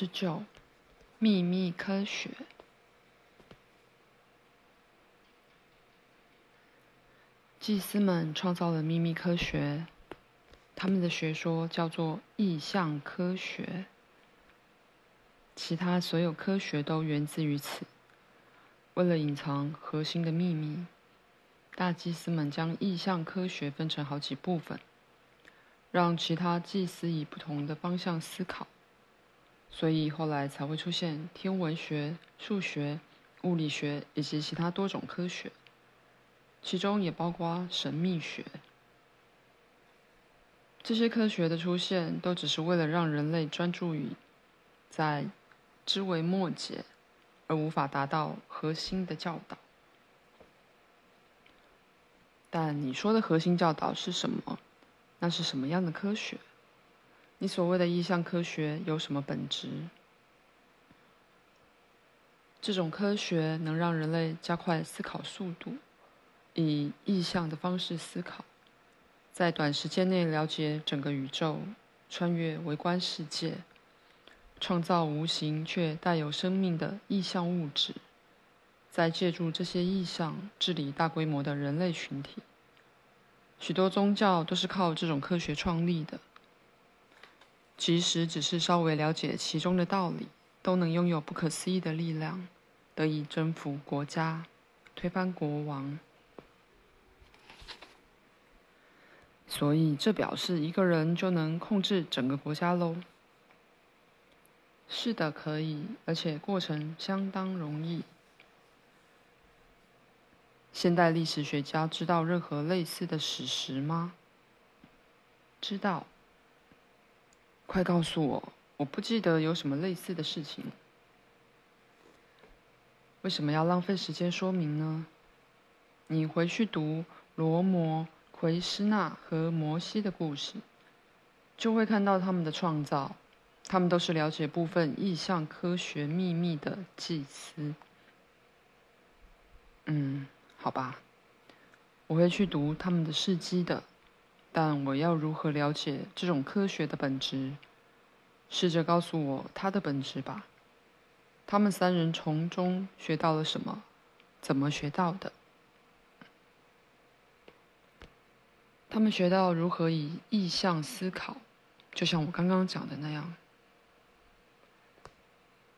十九，秘密科學。祭司們創造了秘密科學，他們的學說叫做意象科學。其他所有科學都源自於此。為了隱藏核心的秘密，大祭司們將意象科學分成好幾部分，讓其他祭司以不同的方向思考。所以後來才會出現天文學、數學、物理學以及其他多種科學，其中也包括神秘學。這些科學的出現，都只是為了讓人類專注於在枝微末節而無法達到核心的教導。但你說的核心教導是什麼？那是什麼樣的科學？你所謂的意象科學有什麼本質？這種科學能讓人類加快思考速度，以意象的方式思考，在短時間內了解整個宇宙，穿越微觀世界，創造無形卻帶有生命的意象物質，再借助這些意象治理大規模的人類群體。許多宗教都是靠這種科學創立的。即使只是稍微了解其中的道理，都能擁有不可思議的力量，得以征服國家、推翻國王。所以這表示一個人就能控制整個國家嘍？是的，可以，而且過程相當容易。現代歷史學家知道任何類似的史實嗎？知道。快告訴我！我不記得有什麼類似的事情。為什麼要浪費時間說明呢？你回去讀羅摩、奎師那和摩西的故事，就會看到他們的創造。他們都是了解部分意象科學秘密的祭司。嗯，好吧，我會去讀他們的事跡的。但我要如何了解這種科學的本質？試着告訴我它的本質吧。他們三人從中學到了什麼？怎麼學到的？他們學到如何以意象思考，就像我剛剛講的那樣。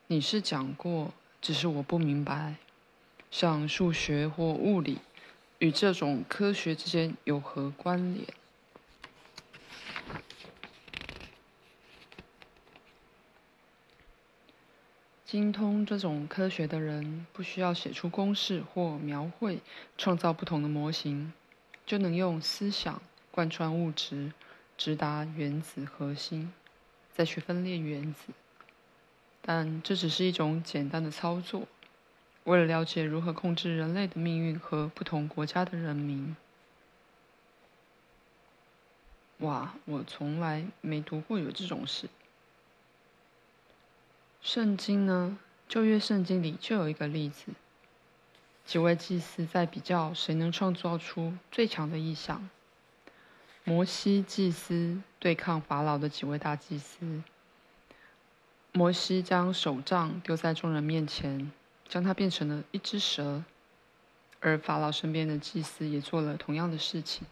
你是講過，只是我不明白，像數學或物理，與這種科學之間有何關聯？精通這種科學的人，不需要寫出公式或描繪、創造不同的模型，就能用思想貫穿物質，直達原子核心，再去分裂原子。但這只是一種簡單的操作。為了了解如何控制人類的命運和不同國家的人民，哇，我從來沒讀過有這種事。聖經呢？舊約聖經裡就有一個例子：幾位祭司在比較誰能創造出最強的意象。摩西祭司對抗法老的幾位大祭司。摩西將手杖丟在眾人面前，將它變成了一隻蛇。而法老身邊的祭司也做了同樣的事情。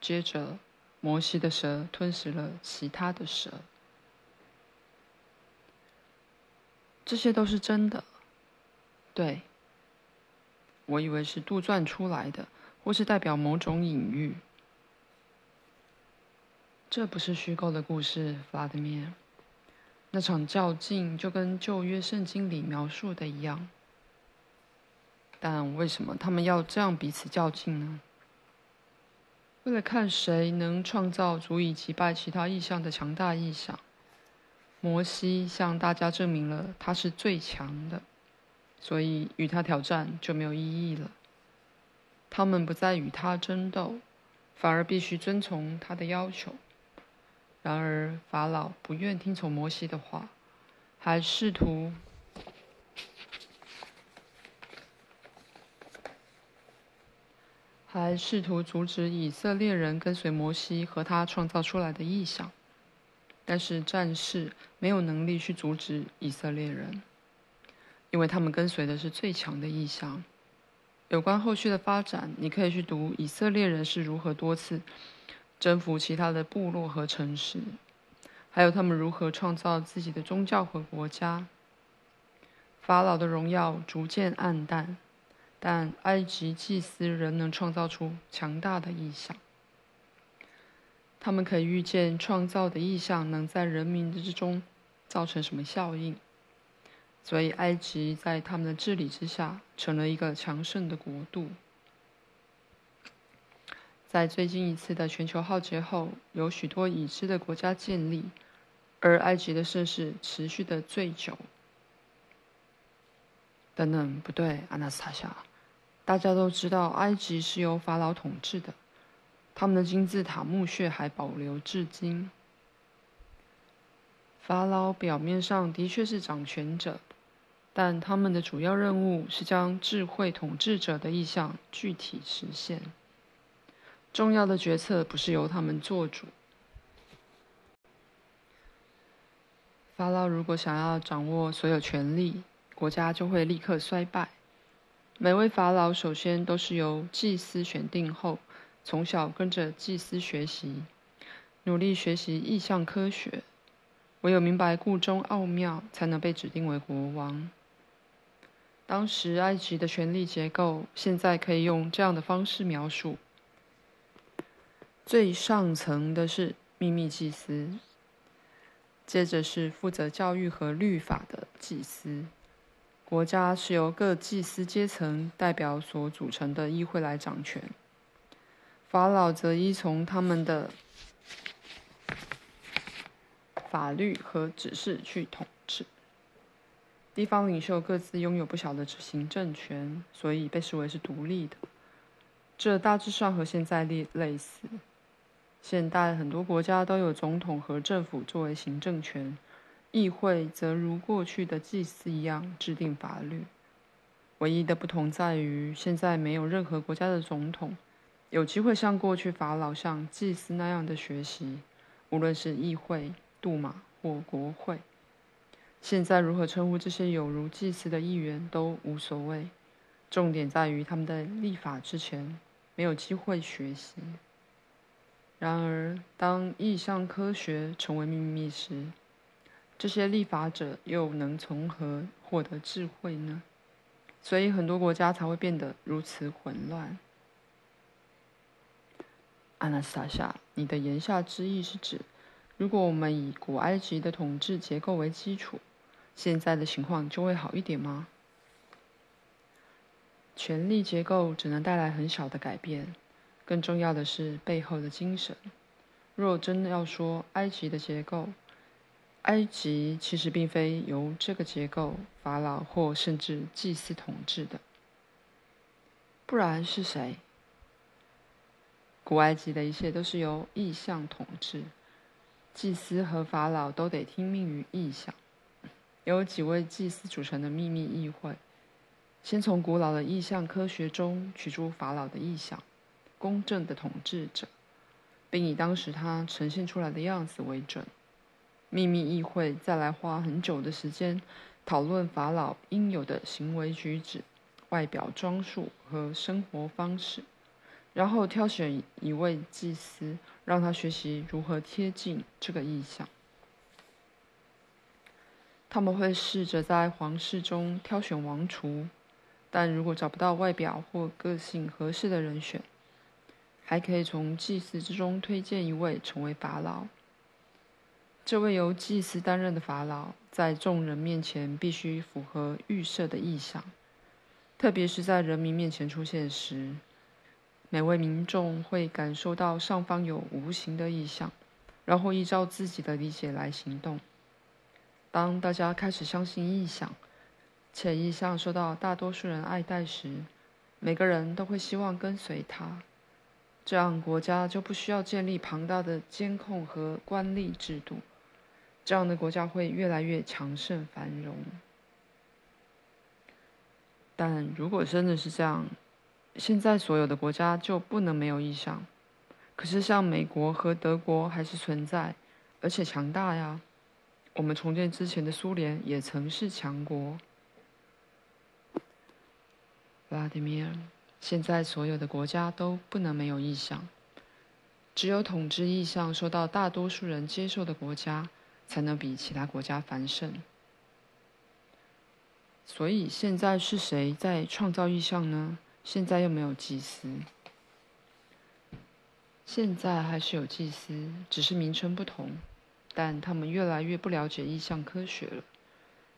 接着，摩西的蛇吞食了其他的蛇。這些都是真的，對。我以為是杜撰出來的，或是代表某種隱喻。這不是虛構的故事，法德米。那場較勁就跟舊約聖經裡描述的一樣。但為什麼他們要這樣彼此較勁呢？為了看誰能創造足以擊敗其他意象的強大意象。摩西向大家證明了他是最強的，所以與他挑戰就沒有意義了。他們不再與他爭鬥，反而必須遵從他的要求。然而法老不願聽從摩西的話，還試圖還試圖阻止以色列人跟隨摩西和他創造出來的意象。但是戰士沒有能力去阻止以色列人，因為他們跟隨的是最強的意象。有關後續的發展，你可以去讀以色列人是如何多次征服其他的部落和城市，還有他們如何創造自己的宗教和國家。法老的榮耀逐漸暗淡，但埃及祭司仍能創造出強大的意象。他們可以預見創造的意象能在人民之中造成什麼效應，所以埃及在他們的治理之下成了一個強盛的國度。在最近一次的全球浩劫後，有許多已知的國家建立，而埃及的盛世持續的最久。等等，不對，阿納斯塔夏，大家都知道，埃及是由法老統治的。他們的金字塔墓穴還保留至今。法老表面上的確是掌權者，但他們的主要任務是將智慧統治者的意向具體實現。重要的決策不是由他們做主。法老如果想要掌握所有權力，國家就會立刻衰敗。每位法老首先都是由祭司選定後，從小跟着祭司學習，努力學習意象科學。唯有明白故中奧妙，才能被指定為國王。當時埃及的權力結構，現在可以用這樣的方式描述：最上層的是秘密祭司，接着是負責教育和律法的祭司。國家是由各祭司階層代表所組成的議會來掌權。法老則依從他們的法律和指示去統治。地方領袖各自擁有不小的行政權，所以被視為是獨立的。這大致上和現在類類似。現代很多國家都有總統和政府作為行政權，議會則如過去的祭司一樣制定法律。唯一的不同在於，現在沒有任何國家的總統，有機會像過去法老、像祭司那樣的學習，無論是議會、杜馬或國會，現在如何稱呼這些有如祭司的議員都無所謂，重點在於他們在立法之前沒有機會學習。然而，當一項科學成為秘密時，這些立法者又能從何獲得智慧呢？所以，很多國家才會變得如此混亂。阿納斯塔夏，你的言下之意是指，如果我們以古埃及的統治結構為基礎，現在的情況就會好一點嗎？權力結構只能帶來很小的改變。更重要的是背後的精神。若真的要說埃及的結構，埃及其實並非由這個結構、法老或甚至祭司統治的，不然是誰？古埃及的一切都是由意象統治，祭司和法老都得聽命於意象。由幾位祭司組成的秘密議會，先從古老的意象科學中取出法老的意象，公正的統治者，並以當時他呈現出來的樣子為準。秘密議會再來花很久的時間，討論法老應有的行為舉止、外表裝束和生活方式。然後挑選一位祭司，讓他學習如何貼近這個意象。他們會試着在皇室中挑選王儲，但如果找不到外表或個性合適的人選，還可以從祭司之中推薦一位成為法老。這位由祭司擔任的法老，在眾人面前必須符合預設的意象，特別是在人民面前出現時。每位民眾會感受到上方有無形的意向，然後依照自己的理解來行動。當大家開始相信意向，且意向受到大多數人愛戴時，每個人都會希望跟隨他。這樣國家就不需要建立龐大的監控和官吏制度，這樣的國家會越來越強盛繁榮。但如果真的是這樣，現在所有的國家就不能沒有意象，可是像美國和德國還是存在，而且強大呀，我們重建之前的蘇聯也曾是強國。弗拉迪米爾，現在所有的國家都不能沒有意象，只有統治意象受到大多數人接受的國家，才能比其他國家繁盛。所以現在是誰在創造意象呢？現在又沒有祭司，現在還是有祭司，只是名稱不同，但他們越來越不了解意象科學了。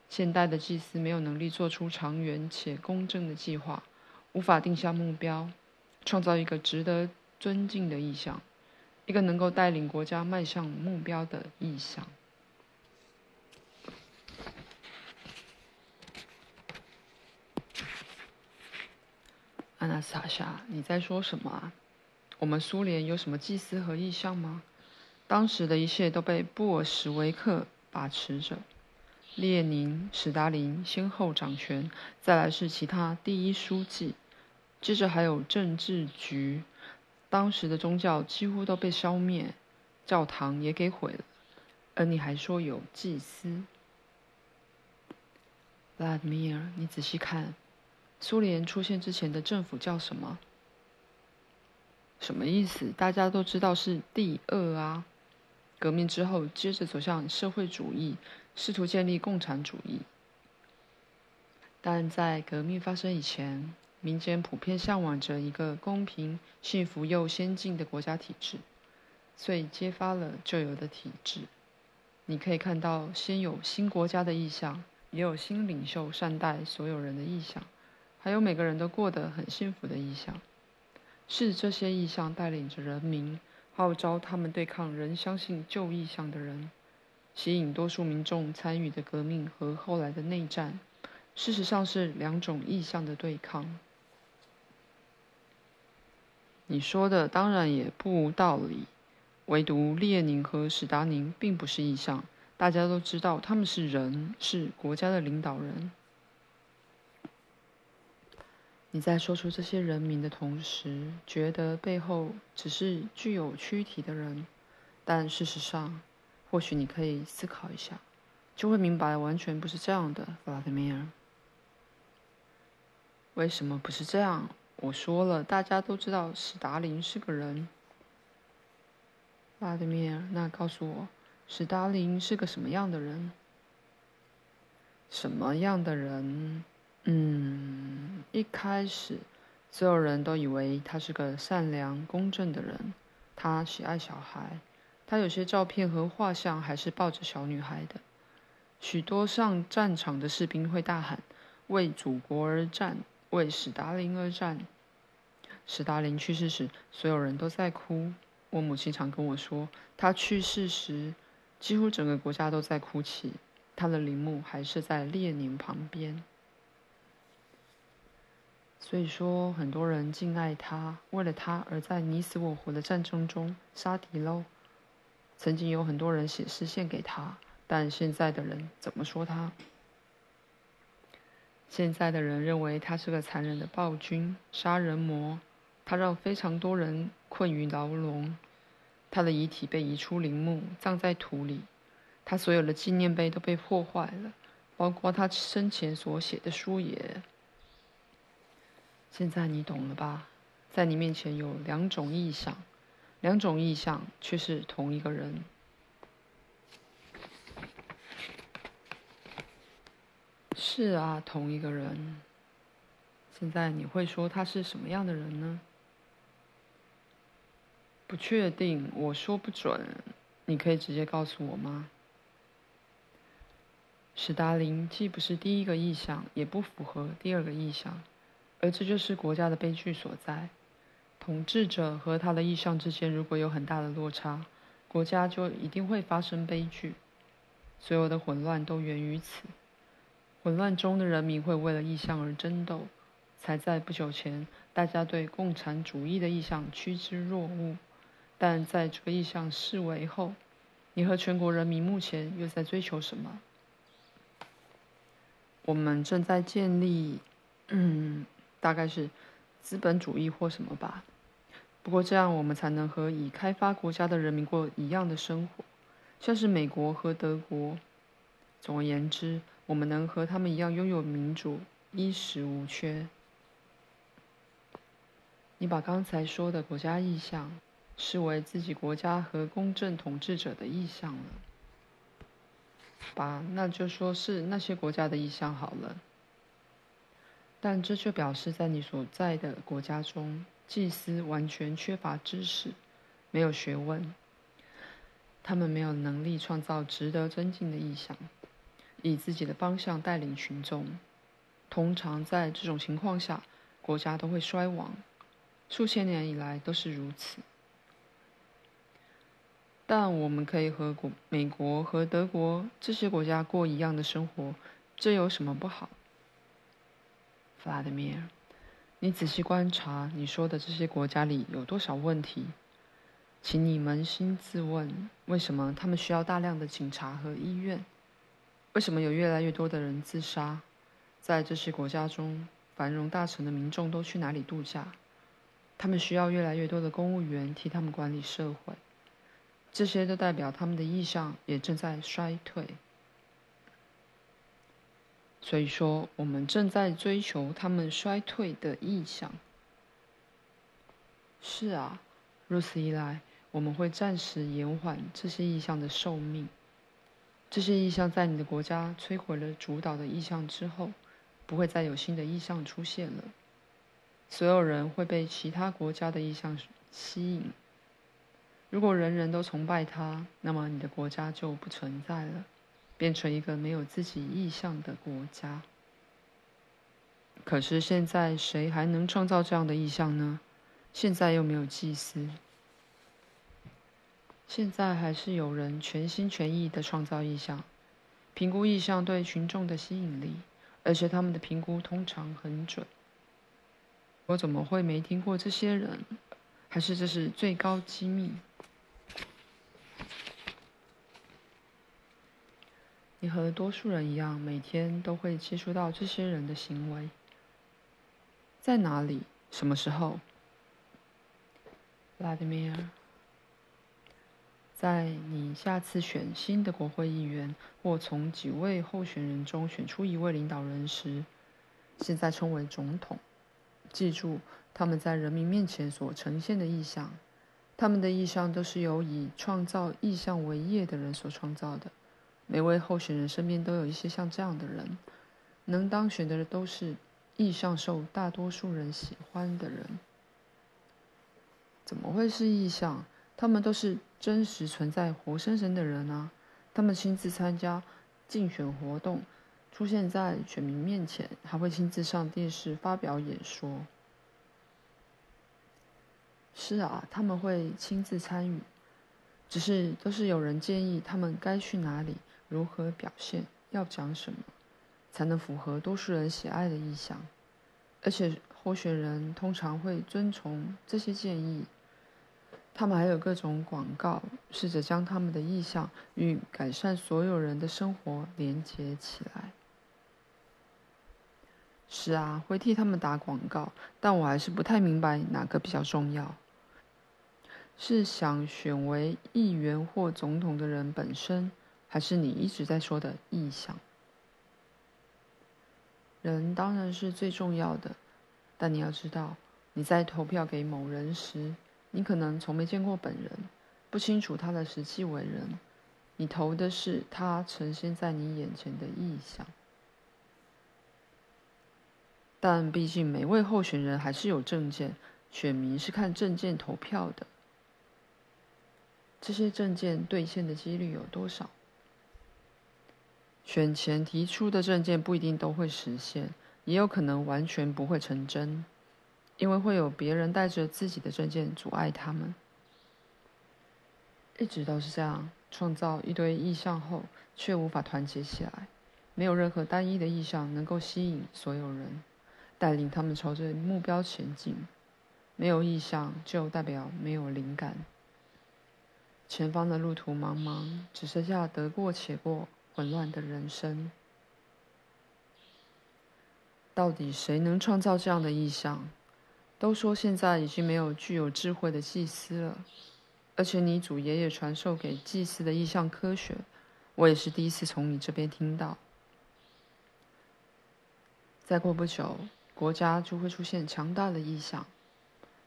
現代的祭司沒有能力做出長遠且公正的計劃，無法定下目標，創造一個值得尊敬的意象，一個能夠帶領國家邁向目標的意象。薩霞，你在說什麼啊？我們蘇聯有什麼祭司和意象嗎？當時的一切都被布爾什維克把持着，列寧、史達林先後掌權，再來是其他第一書記，接着還有政治局。當時的宗教幾乎都被消滅，教堂也給毀了，而你還說有祭司？拉德米爾，你仔細看。蘇聯出現之前的政府叫什麼？什麼意思？大家都知道是第二啊。革命之後，接着走向社會主義，試圖建立共產主義。但在革命發生以前，民間普遍向往着一個公平、幸福又先進的國家體制，所以揭發了舊有的體制。你可以看到，先有新國家的意向，也有新領袖善待所有人的意向。還有每個人都過得很幸福的意象，是這些意象帶領着人民，號召他們對抗仍相信舊意象的人，吸引多數民眾參與的革命和後來的內戰，事實上是兩種意象的對抗。你說的當然也不無道理，唯獨列寧和史達寧並不是意象，大家都知道他們是人，是國家的領導人。你在說出這些人名的同時，覺得背後只是具有軀體的人，但事實上，或許你可以思考一下，就會明白完全不是這樣的，弗拉德米爾。為什麼不是這樣？我說了，大家都知道史達林是個人。弗拉德米爾。那告訴我，史達林是個什麼樣的人？什麼樣的人？嗯，一開始，所有人都以為他是個善良公正的人。他喜愛小孩，他有些照片和畫像還是抱着小女孩的。許多上戰場的士兵會大喊：“為祖國而戰，為史達林而戰。”史達林去世時，所有人都在哭。我母親常跟我說，他去世時，幾乎整個國家都在哭泣。他的陵墓還是在列寧旁邊。所以說，很多人敬愛他，為了他而在你死我活的戰爭中殺敵嘍。曾經有很多人寫詩獻給他，但現在的人怎麼說他？現在的人認為他是個殘忍的暴君、殺人魔，他讓非常多人困於牢籠。他的遺體被移出陵墓，葬在土裡，他所有的紀念碑都被破壞了，包括他生前所寫的書也。現在你懂了吧？在你面前有兩種意象，兩種意象卻是同一個人。是啊，同一個人。現在你會說他是什麼樣的人呢？不確定，我說不準。你可以直接告訴我嗎？史達林既不是第一個意象，也不符合第二個意象。而這就是國家的悲劇所在，統治者和他的意向之間如果有很大的落差，國家就一定會發生悲劇。所有的混亂都源於此，混亂中的人民會為了意向而爭鬥，才在不久前，大家對共產主義的意向趨之若鶩。但在這個意向視為後，你和全國人民目前又在追求什麼？我們正在建立，嗯。大概是資本主義或什麼吧。不過這樣我們才能和已開發國家的人民過一樣的生活，像是美國和德國。總而言之，我們能和他們一樣擁有民主、衣食無缺。你把剛才說的國家意向視為自己國家和公正統治者的意向了吧？那就說是那些國家的意向好了。但這卻表示，在你所在的國家中，祭司完全缺乏知識，沒有學問，他們沒有能力創造值得尊敬的意向，以自己的方向帶領群眾。通常在這種情況下，國家都會衰亡，數千年以來都是如此。但我們可以和國、美國和德國這些國家過一樣的生活，這有什麼不好？弗拉德米爾，Vladimir, 你仔細觀察你說的這些國家裡有多少問題？請你捫心自問，為什麼他們需要大量的警察和醫院？為什麼有越來越多的人自殺？在這些國家中，繁榮大城的民眾都去哪裡度假？他們需要越來越多的公務員替他們管理社會，這些都代表他們的意向也正在衰退。所以說，我們正在追求他們衰退的意向。是啊，如此一來，我們會暫時延緩這些意向的壽命。這些意向在你的國家摧毀了主導的意向之後，不會再有新的意向出現了。所有人會被其他國家的意向吸引。如果人人都崇拜他，那麼你的國家就不存在了。變成一個沒有自己意向的國家。可是現在誰還能創造這樣的意向呢？現在又沒有祭司。現在還是有人全心全意的創造意向，評估意向對群眾的吸引力，而且他們的評估通常很準。我怎麼會沒聽過這些人？還是這是最高機密？和多數人一樣，每天都會接觸到這些人的行為。在哪裡？什麼時候？拉德米爾，在你下次選新的國會議員或從幾位候選人中選出一位領導人時，現在稱為總統。記住，他們在人民面前所呈現的意象，他們的意象都是由以創造意象為業的人所創造的。每位候選人身邊都有一些像這樣的人，能當選的都是意象受大多數人喜歡的人。怎麼會是意象？他們都是真實存在、活生生的人啊！他們親自參加競選活動，出現在選民面前，還會親自上電視發表演說。是啊，他們會親自參與，只是都是有人建議他們該去哪裡。如何表現？要講什麼，才能符合多數人喜愛的意向？而且候選人通常會遵從這些建議。他們還有各種廣告，試着將他們的意向與改善所有人的生活連接起來。是啊，會替他們打廣告，但我還是不太明白哪個比較重要。是想選為議員或總統的人本身。還是你一直在說的意向？人當然是最重要的，但你要知道，你在投票給某人時，你可能從沒見過本人，不清楚他的實際為人，你投的是他呈現在你眼前的意向。但畢竟每位候選人還是有證件，選民是看證件投票的，這些證件兌現的幾率有多少？選前提出的政見，不一定都會實現，也有可能完全不會成真，因為會有別人帶着自己的政見阻礙他們。一直都是這樣，創造一堆意象後，卻無法團結起來，沒有任何單一的意象能夠吸引所有人，帶領他們朝着目標前進。沒有意象，就代表沒有靈感。前方的路途茫茫，只剩下得過且過。混亂的人生，到底誰能創造這樣的意象？都說現在已經沒有具有智慧的祭司了，而且你祖爺爺傳授給祭司的意象科學，我也是第一次從你這邊聽到。再過不久，國家就會出現強大的意象，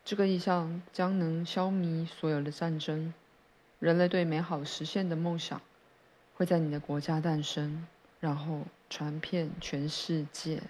這個意象將能消弭所有的戰爭，人類對美好實現的夢想。會在你的國家誕生，然後傳遍全世界。